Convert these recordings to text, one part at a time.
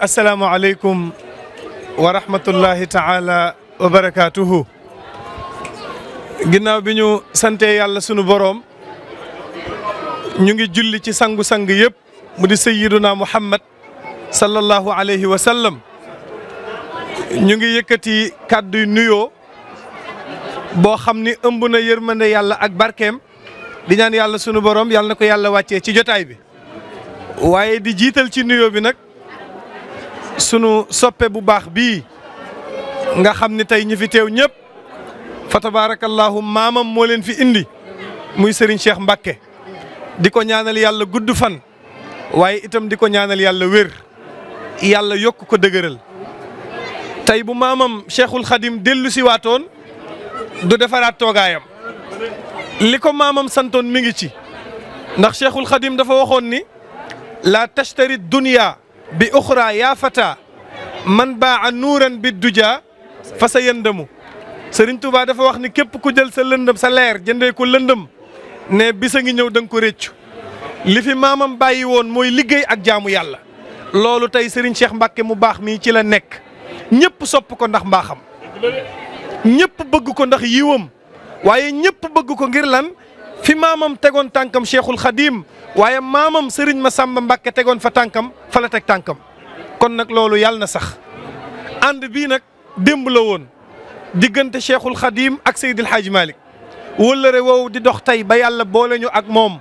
asalaamualeykum wa rahmatullahi taala wa barakaatuhu ginnaaw bi ñu santee yàlla sunu boroom ñu ngi julli ci sangu-sang yëpp mu di sayyiduna muhammad sallallahu alayhi wa sallam ñu ngi yëkkati kàdduy nuyoo boo xam ni ëmb na yërmande yàlla ak barkeem di ñaan yàlla sunu boroom yàlla na ko yàlla wàccee ci jotaay bi waaye di jiital ci nuyoo bi nag sunu soppe bu baax bii nga xam ni tey ñi fi teew ñëpp fa tabaarakallaahu maamam moo leen fi indi muy sëriñ Cheikh Mbacké di ko ñaanal yàlla gudd fan waaye itam di ko ñaanal yàlla wér yàlla yokk ko dëgëral tey bu maamam Cheikhul xadim dellu si waatoon du defaraat toogaayam li ko maamam santoon mi ngi ci ndax Cheikhul xadim dafa waxoon ni la tashtari duniya bi uxra yaa fata man baa nuuran bi duja fa sa yëndamu sëriñ Touba dafa wax ni képp ku jël sa lëndëm sa leer jëndee ko lëndëm ne bisa ngi ñëw danga ko réccu li fi maamam bàyyi woon mooy liggéey ak jaamu yàlla loolu tey sëriñ Cheikh Mbacke mu baax mii ci la nekk ñëpp sopp ko ndax mbaaxam ñëpp bëgg ko ndax yiwam waaye ñëpp bëgg ko ngir lan fi maamam tegoon tànkam cheikhul xadim waaye maamam sëriñ Masamba Mbàkke tegoon fa tànkam fa la teg tànkam kon nag loolu yàlla na sax ànd bii nag démb la woon diggante cheikhul xadiim ak Seydil Hadj Malick wëllëre woowu di dox tey ba yàlla boole ñu ak moom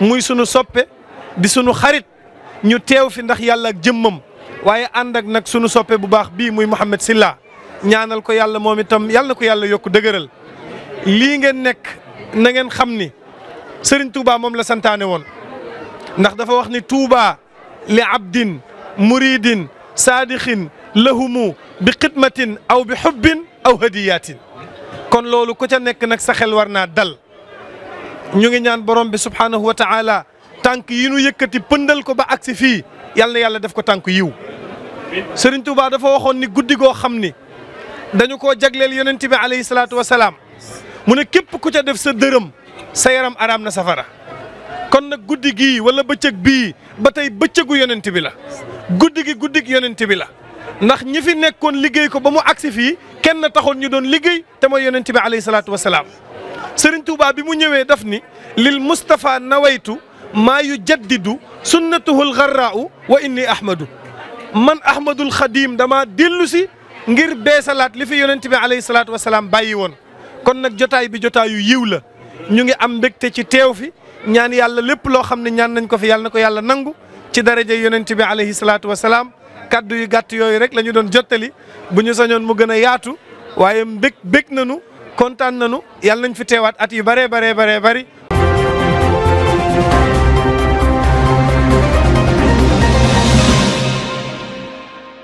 muy sunu soppe di sunu xarit ñu teew fi ndax yàlla ak jëmmam waaye ànd ak nag sunu soppe bu baax bii muy Mouhamed Silla ñaanal ko yàlla moom itam yàlla ko yàlla yokk dëgëral lii ngeen nekk na ngeen xam ni sëriñ Touba moom la santaane woon ndax dafa wax ni Touba li abdin muridin saadixin lahumu bi xidmatin aw bi xubbin aw hadiyatin kon loolu ko ca nekk nag sa xel war naa dal ñu ngi ñaan borom bi subhaanahu wa taala tànk yi nu yëkkati pëndal ko ba agsi fii yal na yàlla def ko tànk yiw sëriñ Touba dafa waxoon ni guddi goo xam ni dañu koo jagleel yonent bi alayhi salaatu wa mu ne képp ku ca def sa dërëm sa yaram araam na safara kon nag guddi gii wala bëccëg bii ba tey bëccëgu yonent bi la guddi gi guddi yonent bi la ndax ñi fi nekkoon liggéey ko ba mu agsi fii kenn taxoon ñu doon liggéey te mooy yonent bi alayhi salaatu wasalaam Serigne Touba bi mu ñëwee daf ni lil Moustapha nawaytu maa yu jaddidu sunnatuhul garraau wa inni ahmadu man ahmadul xadim dama dellu si ngir beesalaat li fi yonent bi alayhi wa salaam bàyyi woon kon nag jotaay bi jotaay yu yiw la ñu ngi am mbégte ci teew fi ñaan yàlla lépp loo xam ne ñaan nañ ko fi yàlla na ko yàlla nangu ci daraja yonent bi alayhi salaatu wa salaam kaddu yu gàtt yooyu rek la ñu doon jottali bu ñu sañoon mu gën a yaatu waaye mbég bég nanu kontaan nanu yàlla nañ fi teewaat at yu bëree baree baree bëri